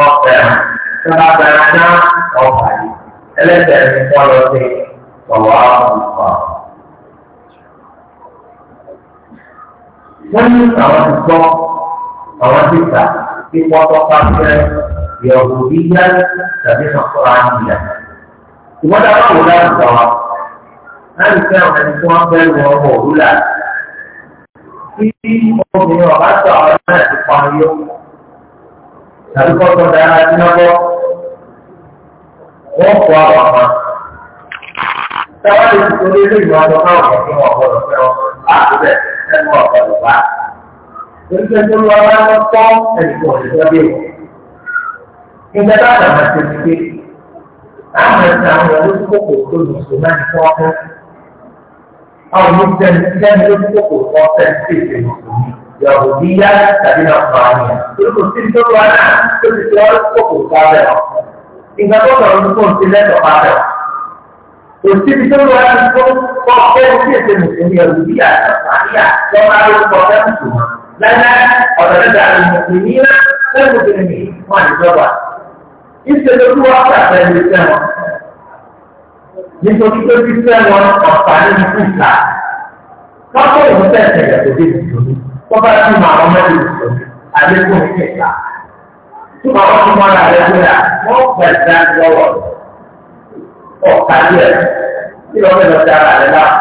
ọ̀fẹ́ sábà bẹ̀rẹ̀ náà ọ̀fà yìí ẹlẹ́sẹ̀ ní kọ́lọ́ sí ọ̀wá ọ̀fà. wọ́n ní àwọn ti gbọ́ àwọn ti tà kí wọ́n tọ́ pa fẹ́ yọ̀wò yíyá tàbí sọ̀kọ́ra nìyà. ìwọ́n dábàá wò láwùjọ wa láti fẹ́ àwọn ẹni tí wọ́n fẹ́ wọ ọmọ òwúlà. Tí obìnrin ọ̀bá sọ àwọn ẹ̀rọ ti pọn yóò tàbí kọ́kọ́ dára sí lọ́wọ́ wọ́n kọ́ àwọn kan. Táwọn lè ti torí ilé ìwà ọ̀dọ́ náà wọ̀ fún ọ̀pọ̀ ọ̀fẹ́ ọ̀pọ̀ àbúrẹ̀ ẹ̀mú ọ̀pọ̀ ọ̀pá. Oríṣi tó lọ wá wọ́n tọ́ ẹ̀sùn òṣìṣẹ́ bí wọ̀. Ìgbà bá bàbá ti ti pé àwọn ẹ̀sìn àwọn olóṣù kòkò tó lù sùn náà ní fún ọkọ. Àwọn oníṣẹ́ ní sẹ́ni olóṣù kòkò tó ọ Yahudiya tàbí Nàfààníà. Olùkó sí tó wà náà tó ti fi ọ́rọ́ kókò sábẹ́ ọ̀. Ìgbà tó sọ̀rọ̀ ní kò sí lẹ́tọ̀ sábẹ́ ọ̀. Kò sí ibi tó wà náà tó kọ́ pé ó sì ètò mùsùlùmí Yahudiya Nàfààníà tó máa ló kọ́ sẹ́kùtù wọn. Lálẹ́ ọ̀rọ̀ lẹ́dà àwọn mùsùlùmí náà lẹ́nu mùsùlùmí wọn àdìjọba. Ìṣèlú tó wà pàṣẹ ìlú sẹ́wọ̀n. Nítorí tó ti sẹ́wọ̀n ọ̀pá nínú kùsà. Káfọ́ ìmúṣẹ́ ìṣẹ̀lẹ̀ tó dé mùsùlùmí bọ́bá tí mo àwọn mẹ́rin lò àlékún ìkẹta tí mo àwọn ọmọ náà lẹ́kún yà wọ́n gbà dá lọ́wọ́ ọ̀ka díẹ̀ tí wọ́n fẹ́ lọ sí ara rẹ̀ náà.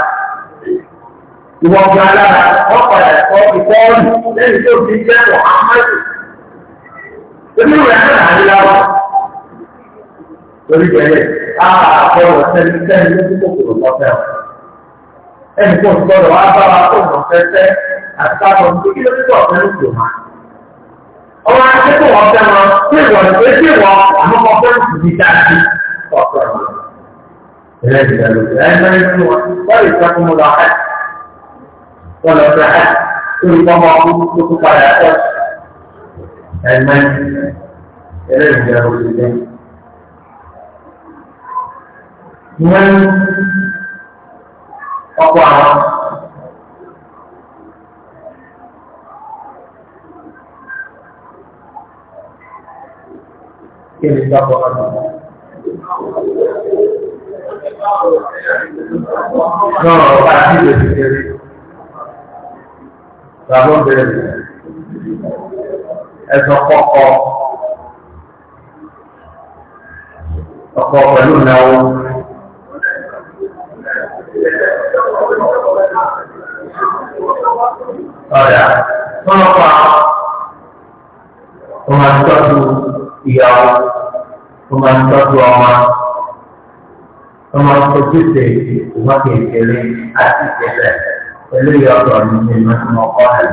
Ìwọ̀n gba lára wọ́n padà kọ́ ìkọ́ọ̀lù lẹ́yìn tó fi jẹ́ Mọ̀hámẹ́dì. Ebi rẹ̀ náà náà ní láwọ̀. Torí bẹ̀rẹ̀, a àbọ̀wọ̀ sẹ́ni sẹ́ni ló ti kòkòrò lọ́fẹ̀ẹ́ ẹnì kan ti gbọ́dọ̀ wá bá wa tó mọ̀ fẹ́fẹ́ àti káàbọ̀ ní kí ló tó ọ̀fẹ́ lóko wa. ọwọ́ ajé tó wọ́n fẹ́ wọn tí ìwọ̀n ìwé tí ìwọ̀n àmọ́kọ́ fẹ́ ti di dáadé ọ̀fẹ́ wọn. ẹlẹ́yìn ìdàlú ẹ̀yìn mẹ́rin fún wọn wọ́n lè fẹ́ fún mi lọ ẹ̀ wọ́n lọ fẹ́ ẹ̀ tó lè fọ́ wọn kó tó tó padà ẹ̀ ẹ̀yìn mẹ́rin ẹlẹ́yìn ìdàlú ẹ̀yìn ọkọ àwọn. kí ni sọ́kọ̀ ọ̀dọ̀? náà ọba tí ìwé ti kéré bàbá bẹ̀rẹ̀ ẹ̀sọ́ kọ́kọ́ ọkọ̀ pẹ̀lú náà ọ̀dà wọ́n pa ọmọ àtọ́jú ìyàwó ọmọ àtọ́jú ọmọ ọmọ ojúṣe ìwọ́n kékeré àti ìṣẹ̀lẹ̀ pẹ̀lú ìyọ̀tọ̀ nínú ìmọ̀ tí wọ́n kọ́ ẹ̀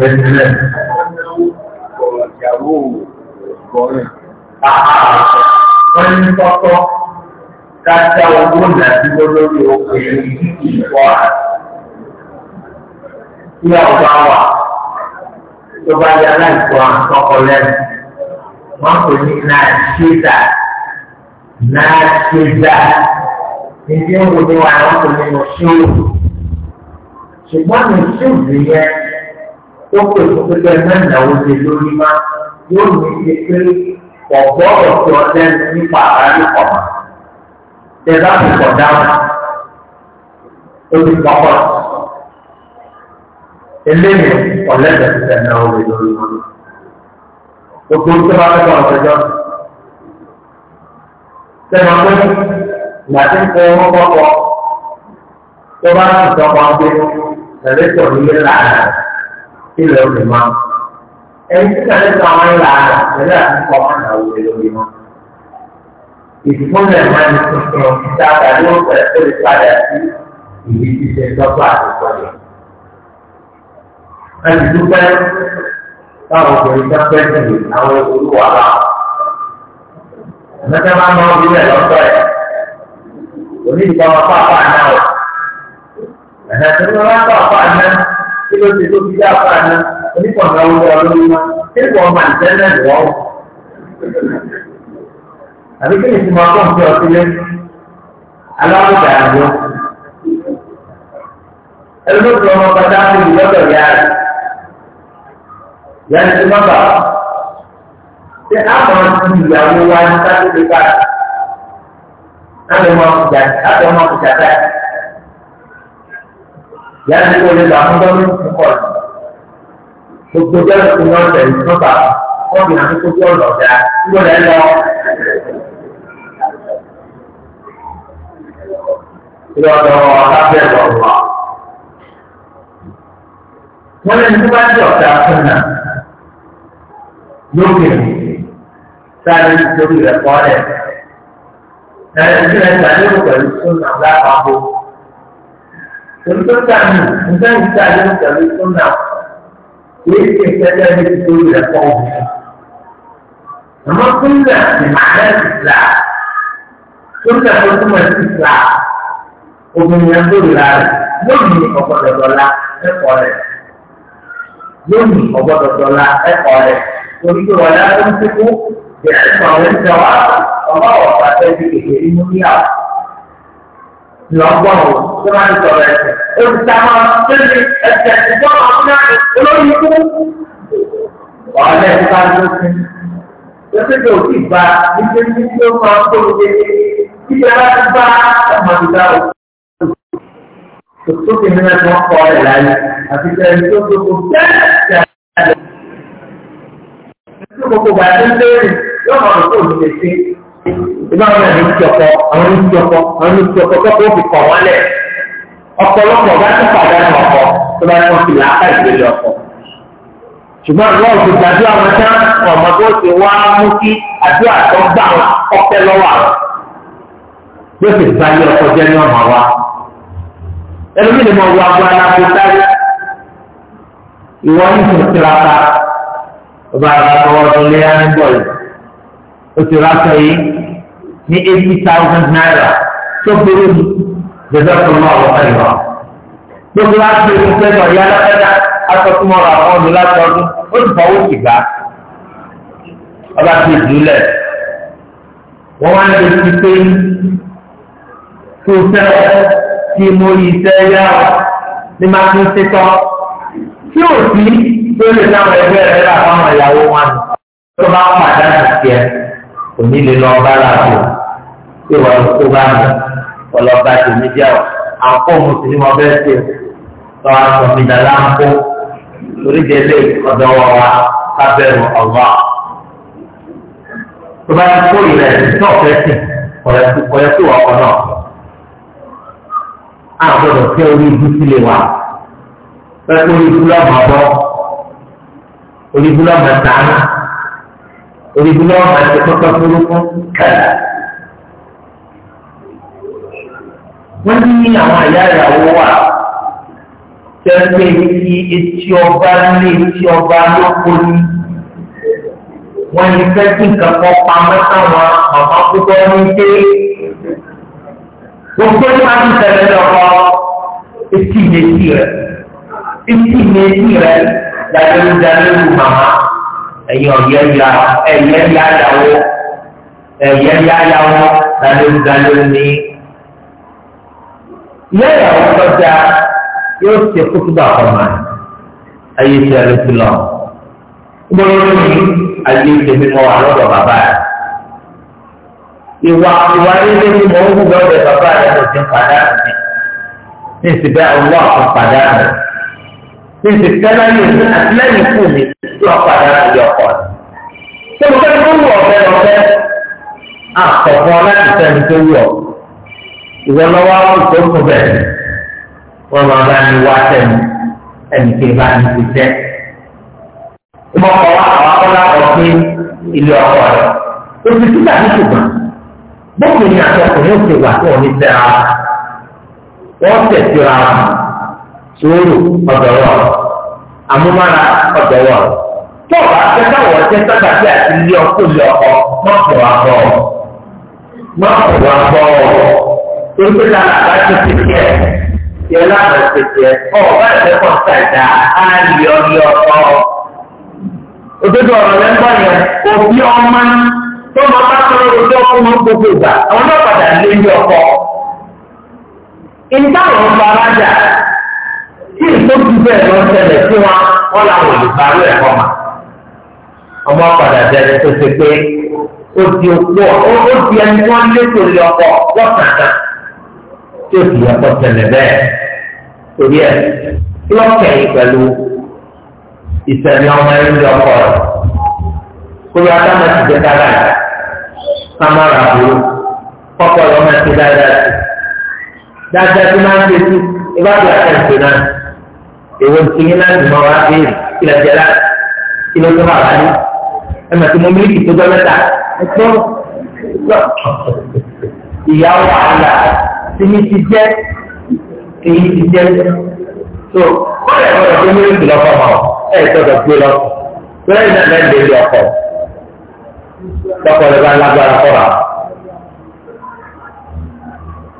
Yẹ́nìlẹ̀. Ìyàwó ìgbọ́rẹ̀. Wọ́n ní kọ́kọ́ kájá owó nàdúró lórí oko ìwọ tí ọba wà tó bá yẹ aláìkó àkọ́kọ́ lẹ́nu wọn kò ní náà ṣíza náà ṣíza ìdí òwò ni wà wọn kò ní lọ ṣóòwò ṣùgbọ́n ní ṣóòwò yẹn tó pè fún pípẹ́ mẹ́rin àwọn ọdẹ lórí má yóò ní ṣe pé ọ̀gbọ́n ọ̀tọ̀ lẹ́nu nípa àárín ọ̀mà tẹ bá ti pọ̀ dáhùn ó ti pọ̀pọ̀ eléyìí ọ̀lẹ́dẹ̀ ti tẹ̀ náà wò lórí wọn gbogbo tó bá fẹ́ lọ́wọ́ ṣẹjọ́ sẹ́nu pé ìgbà tí ń kọ́ owó pọ̀pọ̀ tó bá ti sọ̀pọ̀ pé tẹ̀lẹ́tọ̀ nílé làárà ilẹ̀ olùmọ̀ ẹni tí tẹ̀lẹ́tọ̀ àwọn ìlànà tẹ̀lẹ́ àti pọ̀pọ̀ náà wò lórí wọn ìfúnlẹ̀ máa tuntun ìta tàbí wọ́n pẹ̀lú tó lè padà sí ìdí ṣíṣe lọ́pọ̀ àtúntò yẹn. a ti dúpẹ́ báwọn obìnrin tó pẹ́ sí àwọn olúwa wa. mẹ́ta máa ń mọ lọ́tọ̀ ẹ̀ onídìbò àwọn pápá náà wọ̀. ẹ̀hẹ́ tó ní wọ́n pápá náà kí ló ti tó fi dá pápá náà onípọ̀ náà wọ́n lọ́wọ́ lórí wọn kí wọ́n máa ń tẹ́lẹ̀ lọ́wọ́ àbí kí ni ti máa kọ́ nǹkan ọtí lẹ́nu aláwọ̀ dàgbọ́ ẹlẹ́dọ̀tì ọmọ bàtà ti di lọ́dọ̀ yá rẹ̀ yá ni ti má bà á ṣé a máa ti ìyàwó wa ní sátidé báyìí láti ọmọ kùjà láti yá ni kò lè lọ àwọn ọmọdé ní gbogbo jẹ́ òkú náà tẹ̀lé wọ́n fi hàn kó ọ̀nà ọ̀dà kúrò lẹ́nu lọ́dọ̀ lábẹ́ lọ́wọ́. Wọ́n lè ní wájú ọ̀tá fúnà lókè sáré torí rẹ̀ kọ́lẹ̀. Ẹ̀rọ ìdí rẹ̀ sàlérò pẹ̀lú súnà lápapọ̀. Tòlítọ́tà mi, nǹkan ìdí sàlérò pẹ̀lú súnà kìí ṣe ìṣẹ́jọ́ ní torí rẹ̀ kọ́ òun. Àmọ́ súnà ti máa ń rẹ̀ ìsìlá. Súnà tó túmọ̀ sí ìsìlá obìnrin yẹn tó ìlà rẹ̀ yóò ní ọgbọ́dọ̀ dọ́là ẹ̀kọ́ rẹ̀ yóò ní ọgbọ́dọ̀ dọ́là ẹ̀kọ́ rẹ̀ torí pé wọ́n yá tó ń tẹ́kọ́ bẹ̀rẹ̀ fún àwọn ẹ̀ńtẹ̀ wá ọmọ ọ̀pá tẹ́lẹ̀ kékeré nínú yà ó lọ́gbọ̀n o tó máa ń sọ̀rọ̀ ẹ̀sẹ̀ olùta máa tẹ́lẹ̀ ẹ̀sẹ̀ ìjọba ọ̀húnà olórí ikú ọ̀lẹ́ ìgbà tó ti lọ́sẹ̀ tó ti gbà nígbà tí ó máa ń tó ìgbà tí ó bá ọmọ ìgbà tó fi mímẹ́ tí wọ́n kọ́ ẹ̀ láyé àti sẹ́yìn tó gbogbo bẹ́ẹ̀ ṣe àgbẹ̀. Nítorí gbogbo bá ti ń léèrè yóò máa lò tó lù lè ṣe. Ìgbà wọn ní ti ọkọ, àwọn ní ti ọkọ, àwọn ní ti ọkọ tó kó fi kọ̀ wọ́n lẹ̀. Ọ̀pọ̀lọpọ̀ bá ti pàdánù ọkọ tó bá tán fi làákà ìgbélé ọkọ. Ṣùgbọ́n àwọn òfin gbàdúrà wọn tán ọmọ tó ti wá mú kí àdúrà tó gbà ọpẹ́ lọ́wọ́ àwọn. Yóò ti gba ilé ọkọ jẹ́ ní ọmọ wa ẹlòmíì lè mọ wọ àwọn aláàbò sáré ìwọ ní kò tiraka ọba àgbàkọwọ tó lé yára ń bọ̀ yìí ó ti rákọ yìí ní eighty thousand naira tó kéré mi jẹjọ tó mọ àwọn ẹ̀rọ gbogbo láti ṣe ìṣẹ́ náà yá lọ́kẹ́dá asọ́túmọ̀rọ̀ àwọn ọdún láti ọdún ó ti fọwọ́ sí gbà ọba ti dùlẹ̀ wọ́n wá ní oṣù pé kó fẹ́ tí mo rí iṣẹ́ yá ní máa ń ṣetán tí ò sí tó lè láwọn ẹgbẹ́ rẹ̀ rà fáwọn ìyàwó wọn ni tó bá pàdánù tiẹ̀ kò ní lè lọ bá rà bò tí wọ́n tó bá mi ọlọ́ba tèmi jẹ́ ọ àpò mùsùlùmí mo bẹ́ẹ̀ ṣe tó a sọ mi dà láǹkó oríṣiríṣi ọ̀dọ́ wọn wá kábẹ́rù ọ̀gbà tó bá kó ìrẹsì tó ọ̀fẹ́ sìn ọ̀rẹ́sì ọ̀rẹ́sì wọ̀ náà a gbọ́dọ̀ tẹ orí ibi sílé wa pẹ̀lú orí búlọ́ọ̀mù ọ̀bọ orí búlọ́ọ̀mù ẹ̀dáná orí búlọ́ọ̀mù ẹ̀sẹ̀ pẹ́pẹ́ burúkú kẹlẹ̀. wọ́n ní àwọn àyà ìyàwó wà tẹ́lẹ̀ tí etí ọba ní etí ọba lóko ní wọ́n ní fẹ́ kí nǹkan kan pamọ́ sáwọn màmá púpọ̀ ní dé gbogbo máa ń tẹ̀lé lọ́kọ́ etí ìmẹ̀tì rẹ̀ etí ìmẹ̀tì rẹ̀ dàdúró dàdúró màmá ẹ̀yìn ọ̀yẹ́ ya ẹ̀yẹ́ ya yàwó ẹ̀yẹ́ ya yàwó dàdúró dàdúró ní. ìyá ìyàwó tọ́jà yóò ṣe kótóbà kọ̀ọ̀mà ayé ti ẹ̀rẹ́ ti lọ. gbọ́dọ̀ ní ayé ti mímọ́ àlọ́dọ̀ bàbá rẹ̀ ìwà ìwà ilé ní mò ń gbọ́ ọ̀dẹ̀ bàbá rẹ̀ kò ti ń padà rẹ̀ ní ìsìnkú ọwọ́ àwọn padà rẹ̀ ní ìsìnkú lẹ́yìn àtìlẹ́yìn fún mi tí wọ́n padà rẹ̀ yọ ọkọ̀ rẹ̀. tó o fẹ́ kó wù ọ̀fẹ́ lọ́fẹ́ àkọ́kọ́ láti sẹ́ni tó wù ọ́ ìwọ lọ́wọ́ àwọn tó kù bẹ̀rẹ̀ wọ́n máa bá ní wá sẹ́ni ẹnì kí bá ní ti sẹ́. ìmọ̀kọ̀ wa àwọn akọ́lá bókè ní àtọkùnrin òkè wà fún òní tẹ́ra wọ́n tẹ̀síra sóòrò ọ̀dọ̀rọ̀ àmúmára ọ̀dọ̀rọ̀ tó o bá tẹ́tà wọ̀ tẹ́ sábà tí a ti lé ọkọ lé ọkọ má pọ̀ wá bọ̀ má pọ̀ wá bọ̀ torí pé lára bá tó ti tiẹ̀ tiẹ̀ lára ti tiẹ̀ ọ̀ bá tẹ́ kọ̀ ṣàìdá á lé ọ lé ọkọ òdodo ọ̀rọ̀ lẹ́gbọ̀n yẹn òbí ọmọ náà tó máa bá tọrọ ojú ọkọ máa ń gbogbo ìgbà àwọn náà padà lé ní ọkọ. ìta àwọn farajà tí ìtọ́jú bẹ́ẹ̀ lọ ṣẹlẹ̀ sí wọn wọn làwọn olùdarí ẹ̀kọ́ mà. ọmọ padà bẹ̀rẹ̀ tó ṣe pé ó di òpó ó di ẹni tí wọ́n lé torí ọkọ lọ́sàn-án tí ó sì yẹ kó ṣẹlẹ̀ bẹ́ẹ̀ torí ẹ̀ kí wọ́n kẹ̀yìn pẹ̀lú ìṣẹ̀lẹ̀ ọmọ ẹ̀rí ọkọ rẹ̀ kó yọ adámọ̀ ti jẹ́ dára yìí kámọ́ra àbúrò kọ́kọ́ lọ́ máa ṣe dáadáa sí dáadáa sí máa ń ṣe sí ìbáṣe àtẹ̀sẹ̀ náà èwo ìkíní náà ti máa wá béèrè kí lè jẹ láti kí ló tó bàbá dé ẹ mà tí mo mílíkì tó jọ mẹ́ta ẹ tó ìyá wàhálà tí mi ti jẹ́ èyí ti jẹ́ so wọ́n lè gbọ́dọ̀ tó mílíkì lọ́kọ̀ mọ́ ẹ̀ gbọ́dọ̀ gbé lọ́kọ̀ lẹ́yìn náà lẹ́yìn lè lọ́kọ̀ tọkọ rẹ bá lágbára kọ́ra.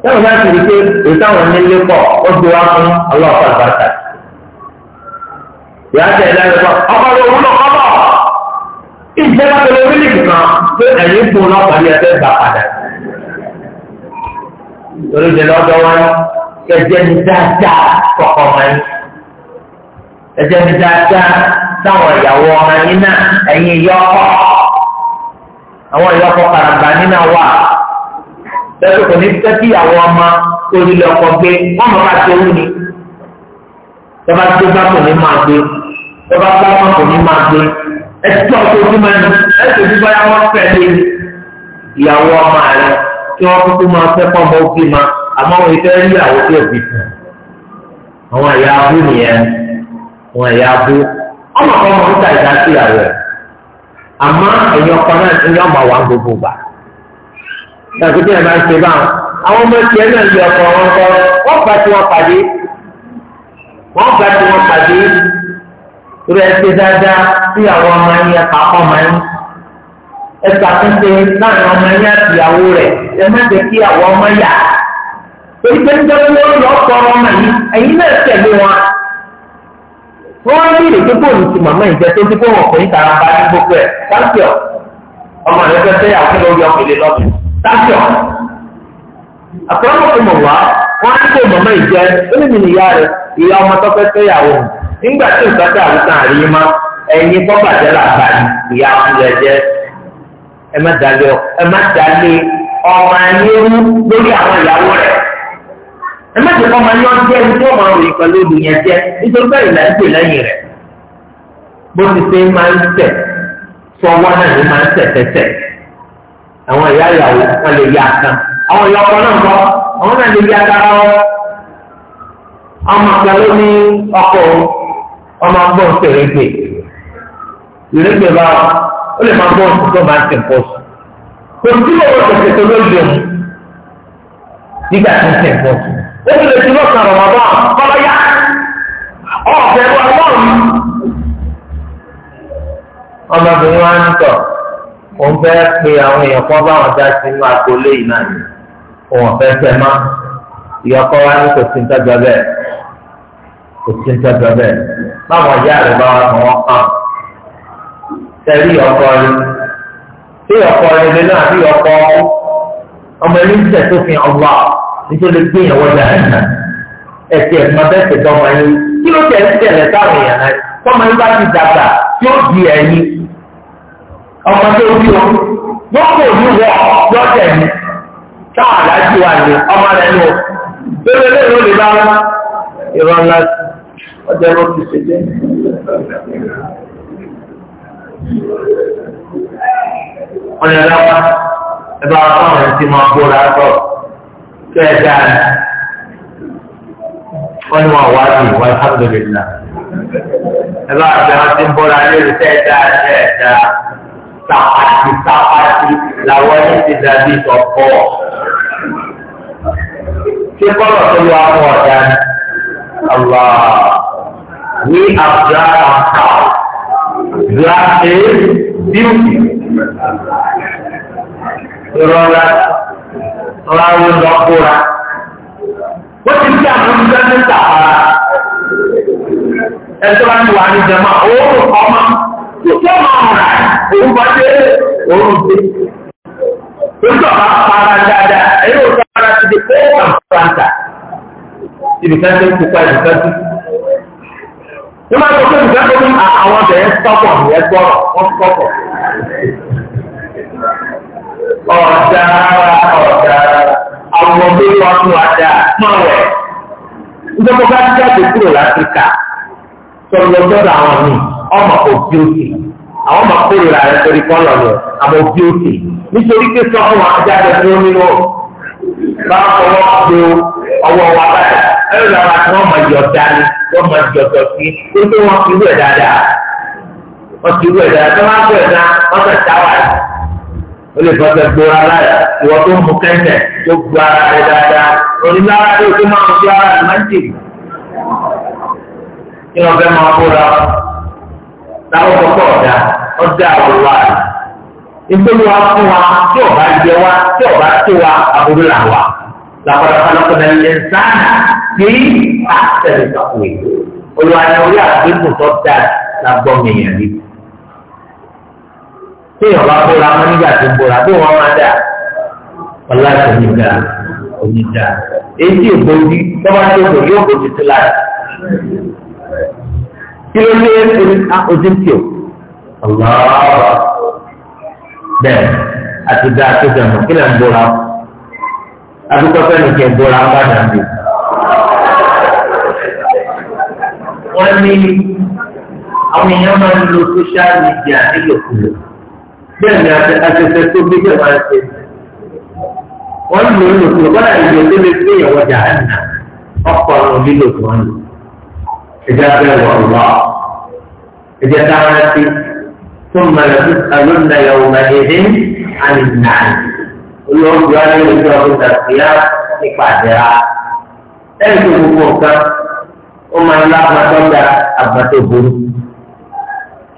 Táwọn náà ti rí pé èyí táwọn nílé pọ̀ ó ti wá fún ọlọ́ọ̀fà àgbàtà. Ìyá tẹ̀ ẹ̀dá rẹ̀ pọ̀, ọkọ rẹ̀ òun náà kọ́bọ̀. Ìjọba tó lè rí nìkan pé ẹ̀yìn fún ọlọ́pàá ní ẹgbẹ́ gbà padà. Olóde lọ́dọ̀ wọn kẹjẹ ní dáadáa kọ̀kọ̀ mọ́ Ẹjẹ ní dáadáa táwọn ìyàwó ọmọ yín náà ẹ̀yìn yọ ọ́ àwọn ìyọkọ karambà nínú wa tẹ́tù kò ní tẹ́tì àwọn ọmọ orílẹ̀ ọkọ̀ gbé wọ́n mọ̀ bá tó wú ni tọ́ba tó bá kò ní máa gbé tọ́ba tó bá kò ní máa gbé ẹtú ọkọ̀ ojú máa ní ẹtù gbígbá yà wọ́n fẹ́ ìyàwó ọmọ rẹ kí wọ́n kúkú máa fẹ́ ọmọ òbí ma àmọ́ wọn ìfẹ́ rí ìyàwó tó òbí fún àwọn ẹ̀yà abú nìyẹn wọn ẹ̀yà abú ọmọ kan mọ̀ níta ìdásí ìyàwó àmọ́ ẹ̀yin ọkọ náà ti ní ọmọ wa gbogbo gbà ṣàkóso ẹ̀ máa ń ṣe báwọn àwọn ọmọ tiẹ̀ náà lé ọkọ wọn kọ́ wọ́n gbà tí wọ́n pàdé wọ́n gbà tí wọ́n pàdé rẹ̀ ṣe dáadáa sí àwọn ọmọ yẹn pàápọ̀ ọmọ yẹn ẹ ṣàkóso láàrin ọmọ yẹn àtìyàwó rẹ̀ ẹ má jẹ́ kí àwọn ọmọ yà èyí tẹ́ ń jẹ́ kí wọ́n lọ́ọ́ wọ́n rí ìrètí bóòlù ti màmá ìjẹ tó ti bóòlù ọkùnrin tara ní gbogbo ẹ̀ sáńtìọ̀ ọmọ rẹ fẹ́ ọkùnrin lọ́dún wa wọ́n rí bóòlù màmá ìjẹ onímì níyà rẹ ìyá ọmọ tó fẹ́ fẹ́ yàwó nígbà tí nǹkan tí àwùjọ àríyé má ẹ̀yin bọ́ bàjẹ́ làbà ìyá ọkùnrin jẹ ẹ má dalé ọmọ ẹ má jẹ́ kó máa yọ jẹ́ ẹni tí wọ́n máa ròyìn pẹ̀lú olùyẹn jẹ́ nítorí bẹ́ẹ̀ là ń pè lẹ́yìn rẹ̀ bó ti ṣe máa ń tẹ̀ sọ́wọ́ náà ló máa ń tẹ̀ tẹ́tẹ̀ àwọn ìyá ìyàwó wọn lè yá kan àwọn ìyá ọkọ náà kọ́ àwọn náà lè yá kára wọn ọmọ àgbà ló ní ọkọ ọmọ agbọ́n tẹ̀rẹ̀gbẹ̀ ìrẹ́gbẹ̀ bá ó lè máa gbọ́n tó bá ń tẹ̀kọ́ sùn kò sí ọ̀rọ̀ tẹ̀tẹ̀ ó lè ti lọ́sàn rọ̀mọ́dọ́ bọ́lá yá ọ̀fẹ́ wa lọ́rùn. ọmọbìnrin wa ń tọ̀ òun fẹ́ pe àwọn èèyàn kan báwọn dá sí inú agboolé yìí náà ni òun ọ̀fẹ́ fẹ́ má ìyọkọ wa ní kò sí ń tọ́jọ́ bẹ́ẹ̀ kò sí ń tọ́jọ́ bẹ́ẹ̀ báwọn ìyá rẹ̀ bá wọn kàn wọ́n kàn tẹ̀lé ọkọ rẹ̀ tí ọkọ rẹ̀ lé náà bí ọkọ ọmọ ẹni ń tẹ̀ tó ọgbà nítorí pé ìyàwó ọjà rẹ̀ nà ẹ̀sìn ẹ̀sìn máa bẹ́ẹ̀ tẹ̀tọ́ ọmọ yín kí ló tẹ̀ ń tẹ̀lẹ̀ táwọn èèyàn náà tọ́mọ yín bá ti dàgbà tí ó di ẹ̀yìn ọmọ tó bí o wọ́n kò ní wọ lọ́tẹ̀ ni táwọn àdájú wa ni ọmọ rẹ̀ ni o lórí eléyìí ó lè bá wọn ìrọ̀ ńlá ọjọ́ ló ti ṣe jẹ́ ọ̀nà ìlànà ẹ bá wọn fáwọn ẹni tí máa bóra kẹta wọn ni wọn wá sí ìwà alhamdulilá ẹ bá àti àwọn tí ń bọ́ra ní ìlú kẹta kẹta tàpátì tàpátì làwọn ní ti dàbí ìtọ̀kọ. ṣé bọ́lọ̀ tó lọ àwọn ọ̀dà ni àwa ní àbúrà àkà black air beauty ọ̀rọ̀ àwọn ọ̀dọ́ kóra. Wọ́n ti fi àwọn ọmọdé ní sàkàrà. Ẹ̀sọ́ bá ti wà ní jẹ̀mọ́, òórùn ọmọ. Títí ọmọ ọ̀rà, òun bá dé òórùn dé. Ojú ọ̀bá para dáadáa, ẹ̀yìn òun para ti di pé ó kàn fúnra Ibìkan tó ń kópa ibìkan tó. Ní máa sọ pé tó ní àwọn ọ̀dẹ̀ yẹn sọ́kọ̀ gbọ́rọ̀, wọ́n sọ́kọ̀. Ọ̀dà ọ̀dà ọmọ tó wà fún wa dáa máa wẹ̀ ìjọba bá jáde kúrò láfíríkà sọlọ gbọ́dọ̀ àwọn míì ọmọ kò bí ó sì àwọn ọmọ kórìíra rẹ torí kọlọ rẹ àmọ́ bí ó sì nítorí pé sọ ọmọ ajáde dúró nínú bá ọwọ́ gbé ọwọ́ wa báyà ẹ̀rọ ìlànà tí wọ́n máa yọ dání wọ́n máa yọ tọ̀ sí pé kí wọ́n fi wẹ̀ dáadáa wọ́n ti wẹ̀ dáadáa wọ́n á wẹ̀ náà wọ́n fẹ̀ ó lè fọṣẹ gbóra láyà ìwọ tó mú kẹ́ńtẹ̀ tó gbó ara rẹ dáadáa onílára tó tó máa ń gbó ara rẹ máa ń dì kí wọn fẹ́ máa kóra táwọn kọ́kọ́ ọ̀dà ọ̀dà àwòrán rẹ nítorí wa fún wa tí ọba jẹ wa tí ọba tó wa àbúrò là wa làkọ̀dà kọlọ́kọ̀dà lè sáànà sí àtẹ̀lẹ́sọ̀kùnrin olùwànyẹ̀wò yà gbẹ́gùn tó dáa la gbọ́ mi yàn níbi tí ìyọ̀bá bóra wọn nígbà tó ń bóra bí wọ́n máa dà ọ̀la ìṣòwò ìdá onídà èyí ìgbòdì tọ́wọ́ tó kò yóò kò tuntun láti. kí ló lé ojú tí o ọ̀làwọ̀ bẹ́ẹ̀ àti dá tó dẹ̀mọ̀ kí lè ń bóra adúgbò fẹ́ni kẹ́ bóra ń bá dàbí. wọ́n ní àwọn èèyàn máa ń lo social media nílòkulò bẹ́ẹ̀ ni àtẹ̀tẹ̀ tó bí bẹ́ẹ̀ máa ń ṣe. wọ́n lò ó lòkùn lọ́wọ́ àìyè tó lè fi ìyàwó jà á nà ọkọ̀ ọ̀run lílo tó ń lò. ẹ̀jẹ̀ bẹ́ẹ̀ wọ̀ wá ẹ̀jẹ̀ táwọn ti tó mọ̀lẹ́ tó sàlọ́ nà yàwó máa yẹ dé àmì nà olóògbé wa ní ọdún tàbíyá nípa àdéhà ẹ̀ ń tó gbogbo nǹkan ó máa ń lá àgbàtọ́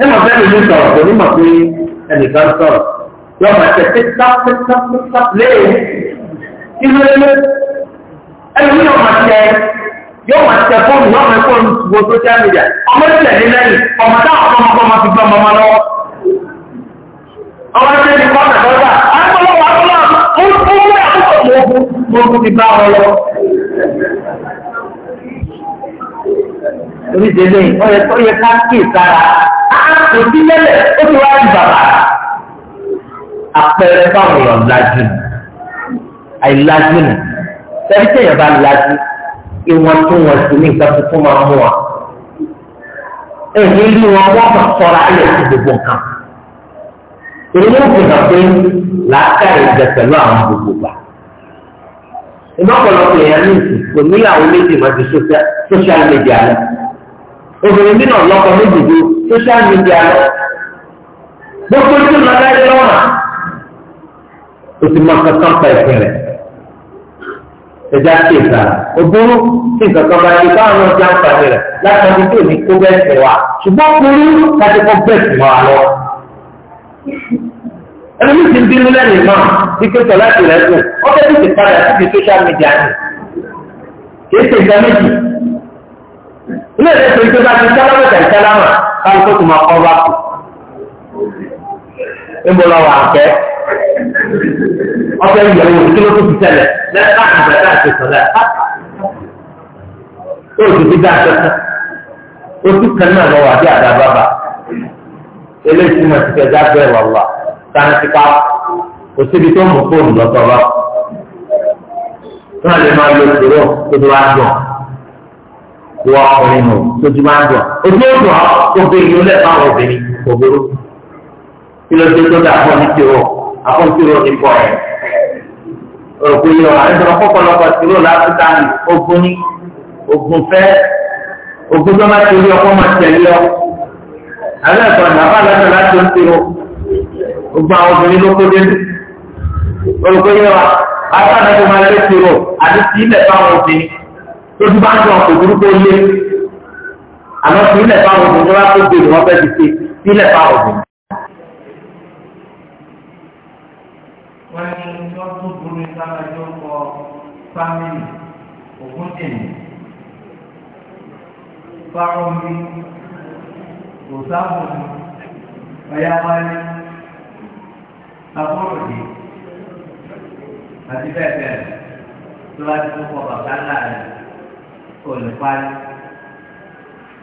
ẹ mọ̀ fẹ́ lómi sọ̀rọ̀ kò ní mọ̀ pé ẹnìkan sọ̀rọ̀ yọ máa tẹ pípa pípa pípa léè kí ló lé ẹlòmí yọ máa tẹ yọ máa tẹ fóònù yọ máa fóònù wo social media ọmọ ìlẹ̀ ní lẹ́yìn ọmọ táwọn ọmọ ọmọ fi gbọ́ ọmọ lọ́wọ́ ọmọ ìlẹ̀ ní kọ́nà lọ́wọ́ àgbọ̀lọ́wọ́ àgbọ̀lọ́wọ́ ó ń fún ọmọ ìyàwó orí délé ọyẹ ọyẹ ká kí sára kò sí lẹ́lẹ̀ ó ti wá ní bàbá àpẹẹrẹ báwọn èèyàn lajú nù àìlajú nù sẹ́ni tẹ̀yẹ̀ bá lajú ìwọ̀n tó wọ̀n sí ní nǹkan tuntun máa mú wa èyí rí wọn wọ́n kàn sọ̀rọ̀ ayé ti gbogbo nǹkan èyí ó fi hàn pé làákà ìgbẹ́ pẹ̀lú àwọn gbogbo gbà ìmọ̀pọ̀lọpọ̀ èèyàn ní ìsìn kò níyàwó méjì máa ti social media náà obìnrin nínú ọlọ́kọ méjìdó social media lọ gbogbo tí ó lọ́dá yẹ lọ́wọ́ o ti máa kankan pa ẹ̀sìn rẹ̀ ẹja ti ìta òbúrú tí nǹkan kan bá yẹ báwọn ọjà ń pàdé rẹ̀ láti ọdún tí ò ní kó bẹ́ẹ̀ sẹ̀ wá ṣùgbọ́n kúrú láti kó bẹ́ẹ̀ sì wá lọ. ẹni mi ti ń bínú lẹ́nu ìmọ̀ ike sọ láti rẹ̀ sùn ó fẹ́ẹ́ ti padà síbi social media ni kì í ṣe ìgbà méjì ilé ìrẹsì tó bá ti sálámà tàbí sálámà káwọn tó tún máa kọ́ bá kù níbo lọ wà àfẹ́ ọ̀fẹ́ ìyàwó kí ló tó ti ṣẹlẹ̀ lẹ́ẹ̀ká àgbàdo àti ìsọ̀lẹ̀ tó ti fi dáa tẹ́tẹ́ ojú kan náà lọ wà bí àdábàbà eléyìí máa ti fẹ́ dábẹ́ wà wà táwọn ti pa kò síbi tó mú fóònù lọ́tọ́ lọ. náà lè máa lo ìṣòro tó ti wá gbọ̀n wọ ọkùnrin nù tójú máa ń dùn ojú ó dùn ó gbé ìlú lẹ́ẹ̀ fáwọn obìnrin kò burú kí ló dé tó dà fún ní tìrò àfún tìrò ní bọ̀ ẹ̀ òkú yìí wọn àti ìdúró kọ́kọ́lọ́kọ́ tìrò láfíríkà ní ogun ní ogun fẹ́ ogun tó máa tẹ̀lé ọkọ́ máa tẹ̀lé ọ alẹ́ ẹ̀kọ́ ní àbá lọ́sọ̀ láti ń tìrò gbogbo àwọn obìnrin ló kó dénú òkú yìí wọn àbá lọ́sọ̀ máa lé tìrò àti tìlẹ̀ fáwọn obìnrin tóbi bá ń sọ kò burúkú lé àmọ́ sílẹ̀ fáwọn obìnrin tó bá tó gbé ni wọ́n fẹ́ ti ṣe sílẹ̀ fáwọn obìnrin. wọ́n ní kí wọ́n tún burú ní sábàjọ́ kọ fámìlì ògùn tèmi fáwọn mi kò sáwọn mi ọ̀yá wáyé àbúrò yìí àti bẹ́ẹ̀ bẹ́ẹ̀ tó bá ti tún kọ bàbá ńlá rẹ̀ olùparí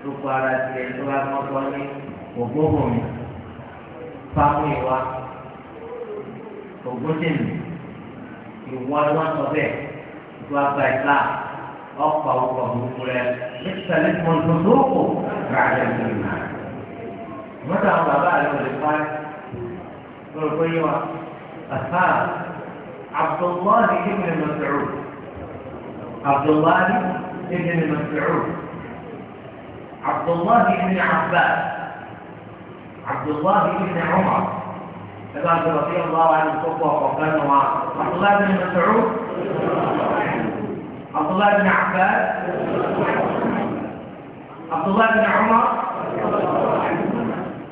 gbogbo ara tiẹ̀ tó bá mọ́tọ́ ní ògbóhùnmí fáwọn ìwà ògbódìmí ìwọ ni wọ́n sọ bẹ́ẹ̀ tó a gba ìlà ọ̀pọ̀ ọ̀pọ̀ gbogbo rẹ̀ nítorí mọ̀tò lóko rárá ìgbìmọ̀ mọ́tò àwọn bàbá rẹ̀ olùparí olùkọ́ yìí wà àtà Abdullahi ibn Mas'ud Abdullahi. ابن مسعود عبد الله بن عباس عبد الله بن عمر فقال رضي الله عنه صفوة وقال عبد الله بن مسعود عبد الله بن عباس عبد الله بن عمر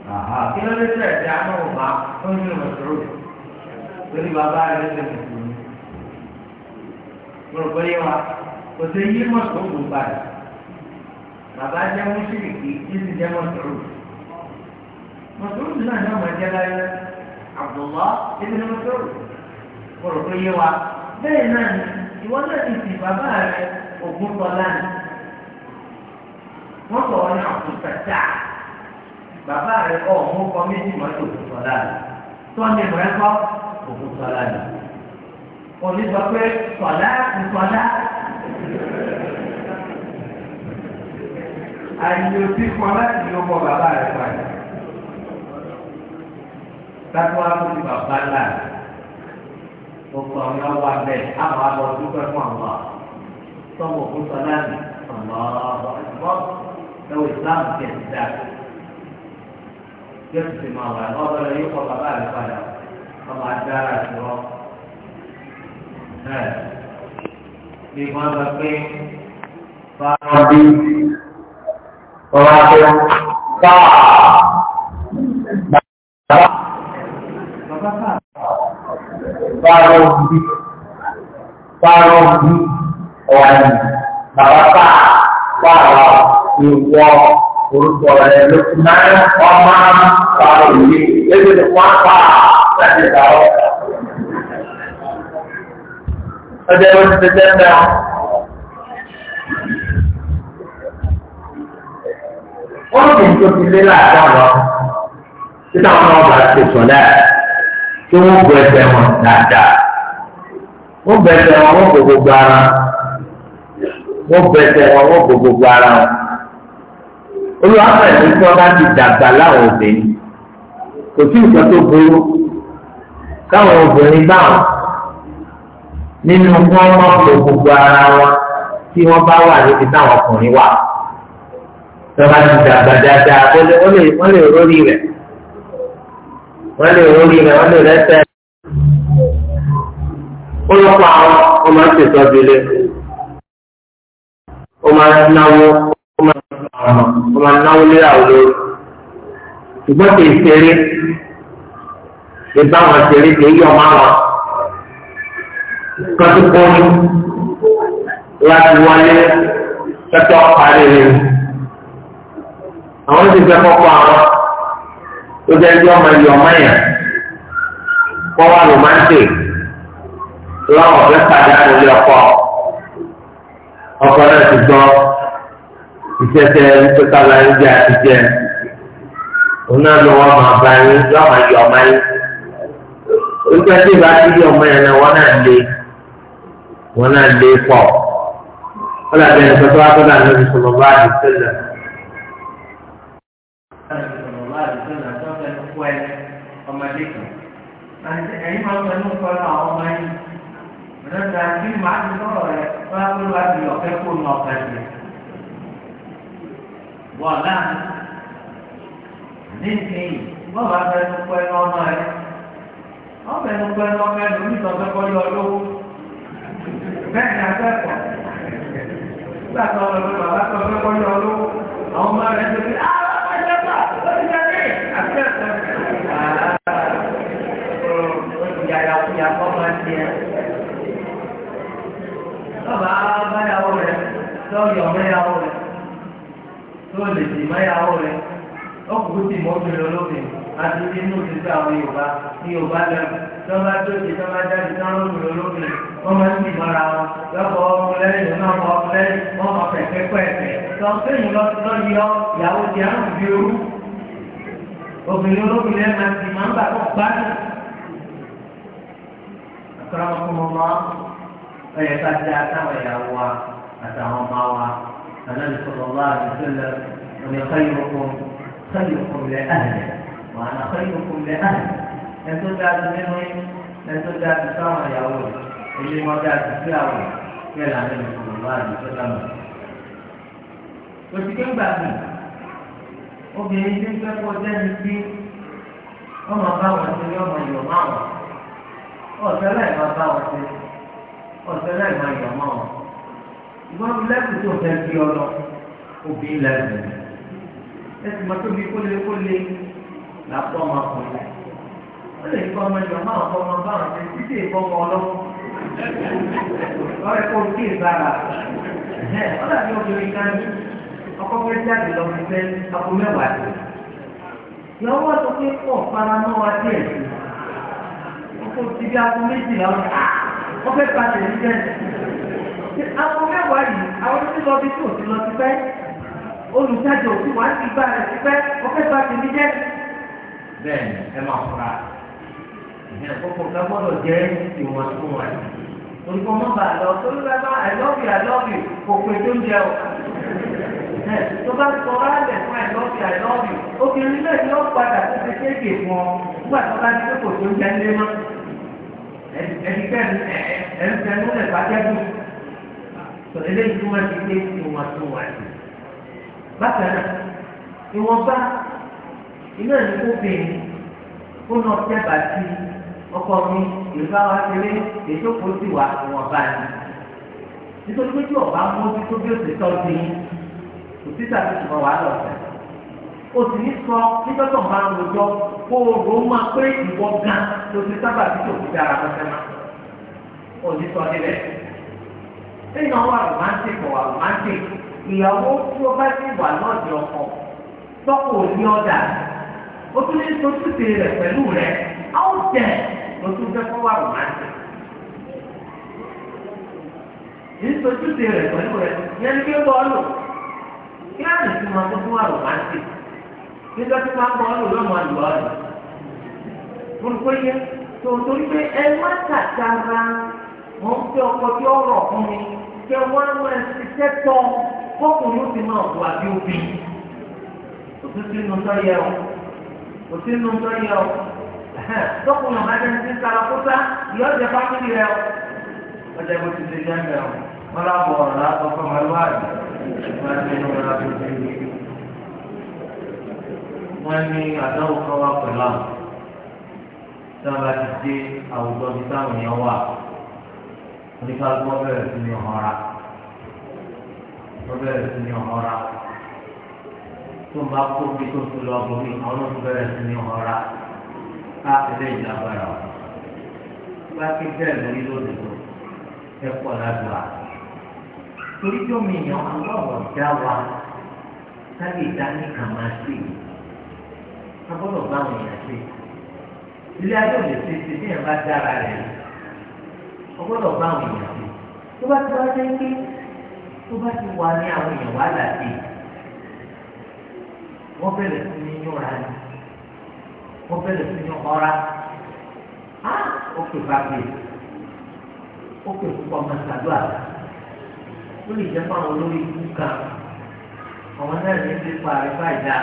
اها كلا الاثنين جامعوا بعض ابن مسعود ولي بابا رجل مسلم مربيه kò sí yí mọ̀tòrò padà bàbá jẹ́ mọ́ṣíríkì yìí sì jẹ́ mọ̀tòrò mọ̀tòrò náà ní ọmọ jẹ́ láyé Abdullah ebi ní mọ̀tòrò kò rò pé yé wa bẹ́ẹ̀ náà ni ìwọ náà ti sì bàbá rẹ ògún tọ́lá ni wọ́n sọ wọn ní àkùnfẹ̀tà bàbá rẹ ọ̀ mú kọ́ méjì mọ́tò ògún tọ́lá ni tọ́ni rẹ kọ́ ògún tọ́lá ni òní sọ pé tọ́lá ń tọ́lá àyè òsì fún ọ láti yọ bọ bàbá rẹ padà tákó àbúrò bàbá là gbogbo àwọn yà wà bẹ́ẹ̀ àwọn àbọ dúpẹ́ fún àwọn sọmọ òkú sọlá ní ọmọ ọmọ lọ́wọ́ ìsìlámù tẹ ti dá yóò ti máa wà lọ́wọ́ lọ yóò kọ bàbá rẹ padà ọmọ adára ti rọ ẹ bí wọ́n sọ pé fáwọn bí wọ́n wá tó fáà bàbá fáwọn bí fáwọn bí ọ̀hún bàbá fáà fáwọn ìwọ orúkọ rẹ ló ti ọmọ fáwọn yìí lébìlì wọn fáà láti dàrọ. ọjọ́ bó ti ṣe o. wọ́n tó ti lé náà bá wọ́n wọn dáadáa wọ́n wọn wọ́n gbogbo ara wọ́n wọn wọ́n gbogbo ara wọn. wọ́n bá ti dàgbà láwọn obìnrin kò sí nǹkan tó burú káwọn obìnrin báwọn. nínú kí wọ́n lo gbogbo ara wọn tí wọ́n bá wà níbi táwọn ọkùnrin wà. Tọ́ba ti dàgbà dáadáa wọ́n lè rórí rẹ̀. Wọ́n lè rórí rẹ̀ wọ́n lè rẹ́sẹ̀. Ó lọ pa àwọn ó ṣètọ́jú ilé. Ó máa ń náwó ó máa ń náwó ó máa ń náwó lé olórí. Ṣùgbọ́n kì í ṣeré. Ìbáwọn ṣeré kì í yọ máa wọn kọ́tù pọ́nú láti wáyé tẹ́tọ́ parí rẹ̀. Àwọn ti fẹ́ kọ́kọ́ àwọn tó jẹ́ ẹjọ́ ọmọ ẹ̀yọ̀ mẹ́yà kọ́ wà romantic lọ́wọ́ fẹ́ padà lórí ọkọ̀ ọkọ̀ náà ti gbọ́ ìṣẹ̀ṣẹ̀ nípasẹ̀ láyé jẹ́ àtijẹ́ òun náà lọ́wọ́ máa bá yín lọ́wọ́ máa yọ̀ ọmọ yín. Oúnjẹ tí ìbá ti yọ̀ ọmọ yẹn náà wọ́n náà lé wọn náà lé pọ̀ wọn làbẹ ẹni tó wá tọ́lá lórí sọlọ bá àdé sẹlẹ̀. Ẹ̀yin máa ń sọ inú kọ́ náà ọmọ yìí. Ìrẹsì àti màá ti sọ̀rọ̀ rẹ̀ bá tó wá di ọ̀fẹ́ kó ọ̀fẹ́ rẹ̀. Wọ́n náà ní ìsinyìí bọ́ọ̀ bá fẹ́ nukú ẹ̀ náà náà rẹ̀. Wọ́n bẹ́ẹ̀ ni akẹ́kọ̀ọ́ nígbà tó ọmọ mi bàbá tó ọmọ kọ́ yọ ọlọ́wọ́ àwọn ọmọ rẹ̀ tó ti àwọn ọmọ ìjọba ó ti jẹ́ ní akẹ́kọ̀ọ́ yàyà kúyà kọ́ máa ń tiẹ̀. Bàbá báyàwó rẹ̀ lọ́yọ̀ mẹ́yàwó rẹ̀ tó lè dì mẹ́yàwó rẹ̀ ó kù sí mọ́bìnrin olóbìnrin àti nínú òṣìṣẹ́ àwọn yorùbá ní yorùbá lẹ́nu tí wọ́n bá tó ṣe tí wọ́n bá jáde tí wọ́n lóbìnrin olóbìnrin wọ́n máa ń bì mọ́ra wọn lọ́kọ̀ ọmọ lẹ́yìn náà wọ́n ọmọ lẹ́yìn wọ́n mọ̀ pẹ̀pẹ́ pẹ̀pẹ́ lọ sẹ́yìn lọ sí lọ́ọ́ yọ ìyàwó ti àrùn bí orú obìnrin olóbìnrin ẹ̀ máa ti máa ń bà kó gbádùn. àkàràmọ́kọ́mọ́ ẹ̀yẹ ká dá táwọn ìyàwó wa àtàwọn ọmọ wa àná وأنا خيركم لأهلي ẹ̀tọ́ dáadé nínú yín ẹ̀tọ́ dáadé sáwọn ìyàwó rẹ̀ ilé wọn dáadé sí àwọn bẹ́ẹ̀ làwọn ẹni kò wá àdé tó dáná. òsìké ń gbà mí obìnrin tí ń fẹ́ kó jẹ́ni sí ọmọ báwọn ṣe ní ọmọ ìyọ̀ máwọn ọ̀sẹ̀ láì máa báwọn ṣe ọ̀sẹ̀ láì máa yọ̀ máwọn ìwọ́n mi lẹ́sìn tó làpọ̀ ọmọkùnrin ó lè kọ́ ọmọ ìjọ máa kọ́ ọmọ bá ọ̀rọ̀ títí tí èkó ọmọ ọlọ́wọ́ lọ́rẹ́ kó kí ìbára ó dàbí obìnrin kan ọkọ fẹ́ jáde lọ fi fẹ́ ọkọ mẹ́wàá sí ìyàwó wa sọ pé pọ̀ faramọ́ wa díẹ̀ ọkọ ti bí akọ méjìlá ọ̀rọ̀ wọ́n fẹ́ pa tẹ̀lé jẹ́ akọ mẹ́wàá yìí àwọn tí lọ bí tí ò ti lọ ti fẹ́ olùtajà òfin wà ti gbà rẹ̀ ti fẹ́ ọkọ̀ ìbá tẹ̀lé jẹ́ bẹ́ẹ̀ ni ẹ máa fura ìyẹn kókó ká gbọ́dọ̀ jẹ́ ìwọ̀n tó wà ní. orúkọ mọ́ bàa lọ tó ló bá i love you i love you kò pé tó ń jẹ o. tó sọ láàlẹ̀ fún i love you i love you obìnrin náà yóò padà tó ti kéèké fún ọ nígbà tó bá ní pé kò tó ń jẹ ilé mọ́. ẹni bẹ́ẹ̀ ni ẹ̀ ń tẹnu lẹ̀ bàjẹ́ bù. sọ eléyìí tó máa ti dé ìwọ̀n tó wà ní. bákan náà ìwọ̀n iná ní kó bẹ̀rẹ̀ kó nà ọ̀tẹ́bà sí ọkọ mi ìrúbá wa ṣeré ètò kò sí wa wọn bá ní. nítorí pé tí ọba mú ojú tó bí òsè tọ́ sí kò sí tàbí ṣùgbọ́n lọ sẹ́. o sì ní sọ nígbà tó ń lòjọ kó o rò ó máa pé ìwọ gan ló ti sábà tí kò fi dára pẹ́pẹ́ máa. o ní sọ níbẹ̀. lẹ́yìn náà wà romantic wà romantic ìyàwó tí o bá ti wà lọ́ọ̀dì ọkọ̀ tọ́kù ò ní ọ̀dà o tún lè tó títì rẹ̀ pẹ̀lú rẹ̀ á ó tẹ̀ ló tún fẹ́ kó wà wò má tẹ̀. Èyí tó títì rẹ̀ pẹ̀lú rẹ̀ yẹn ní kí ó bọ́ọ̀lù kí á lè fi máa tó kó wà wò má tẹ̀. Kí ló ti máa bọ́ọ̀lù lọ́mọ àlùbọ̀ ọ̀lù. Mo rò pé yẹ tó torí pé ẹ má tàtàrà mo ń fẹ́ ọkọ tí ó fún mi kí ẹ wá máa tán fọkùnrin ó ti máa wà bí obìnrin. Òtútù inú sọ yẹ ọ́ kò sí nínú tó yẹ ọ tọkùnrin ọba jẹ ní kàràkúta yọ jẹ fámìlì rẹ ọ jẹ bó ti ṣe jẹ mẹ ọ wọn lọ bọ ọ̀rọ̀ láti ọkọ màlúwà rẹ wọn ti ní ọ̀rọ̀ láti ọkọ yìí wọn ní àdáwò kan wá pẹ̀lú àwọn tí wọn bá ti dé àwùjọ bíi táwọn èèyàn wà oníkàlùkọ bẹ̀rẹ̀ sí ní ọhọra wọn bẹ̀rẹ̀ sí ní ọhọra tó ń bá kó bí tó ń tó lọ ọmọ mi àwọn náà tó bẹ̀rẹ̀ sí ní ọ̀rá á ẹlẹ́ ìjà bára wa. bá ké bẹ́ẹ̀ lórí lódodo ẹ pọ̀ ládùá. torí tó mi yàn ọlọ́wọ̀ dá wa sábì dání kan máa ṣe é. a gbọ́dọ̀ bá àwọn èèyàn ṣe. ilé ayé òde ṣe ṣe bí ẹ̀ bá dára rẹ̀ a gbọ́dọ̀ bá àwọn èèyàn ṣe. tó bá ti wá dé pé tó bá ti wà ní àwọn èèyàn wà láti ì wọ́n bẹ̀rẹ̀ sí ní yún ra ni wọ́n bẹ̀rẹ̀ sí ní ọ̀rá á ó pè pàpè ó pè púpọ̀ ọmọ ìsàdúrà ó lè jẹ́ fáwọn olórí ikú kan àwọn náà ní ti pa àrífà ìdá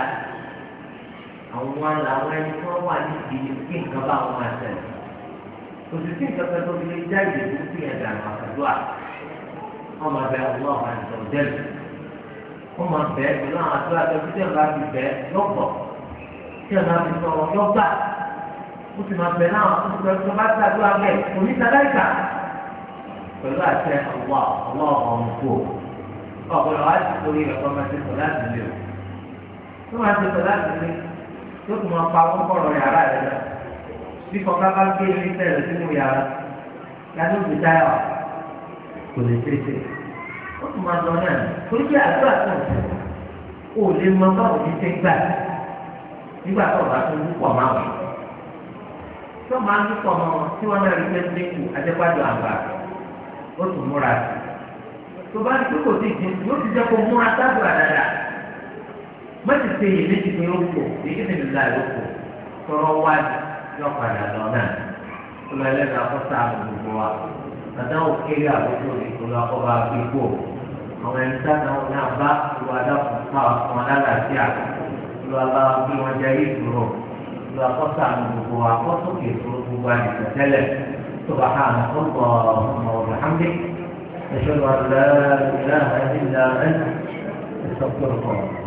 àwọn wọn làwọn ẹni tí wọ́n wà ní ìdí kí nǹkan bá wọn máa tẹ̀lé òṣìṣẹ́ ìjọba tó fi lè já ìdìbò sí ẹ̀dá àwọn àdúrà wọ́n máa bẹ ọwọ́ àwọn àìsàn jẹ́lẹ̀ wọ́n máa bẹ́ẹ̀ pẹ̀lú àwọn àdúrà tó fi tẹ̀ láti bẹ́ẹ̀ lọ́pọ̀ tí ọ̀nà àti sọ̀rọ̀ yọ̀gbà ó sì máa bẹ̀ẹ́ náà ó sì máa tún bá ṣàdúrà bẹ́ẹ̀ òní sàdáìkà pẹ̀lú àṣẹ ọ̀wà ọ̀wà ọ̀hún kú o ọ̀pọ̀lọ̀ wá sí orí ẹ̀kọ́ máa ti sọ̀rọ̀ láti lé o tó máa ti sọ̀rọ̀ láti lé yóò tún máa pa kọ́kọ́rọ̀ yàrá rẹ̀ náà bí kọ́ká bá gbé ilé sẹ́rẹ̀ sínú yàrá yàtọ̀ ó tún máa lọ náà torí pé àdúrà kan ò lè mọ báwo ní ṣe gbà nígbà tó bá tó púpọ̀ máa wọ̀ tó máa ń púpọ̀ mọ́ tí wọ́n náà rí pé dínkù ajẹ́pájọ àgbà ó tún múra sí tó bá ní pé kò sí ìdí yóò ti jẹ́ kó múra sábà dáadáa mọ́tì ṣe èyí méjì pé ó kù èyí ní ìlú láì ó kù tọrọ wájú yọ padà lọ náà tó lọ ẹlẹ́nu akọ́sà gbogbo wa àdáwò kéré àbójú òní tó lọ akọ́ bá gbé àwọn ẹni sábà wọn náà bá ìwà dàpọ̀ fún àwọn alálàáfíà ìlú àbá bí wọn jẹ ìdúró ìlú àkọ́sà gbogbo àkọ́sókè fún gbogbo àdìsẹ́ tẹ́lẹ̀ tó bá hàn ọ̀pọ̀ ọmọ ọ̀hánbí ẹ̀ṣọ́ lọ́dọ̀ ẹ̀ṣọ́ lọ́dọ̀ ẹ̀ṣọ́ lọ́dọ̀ ẹ̀ṣọ́ lọ́dọ̀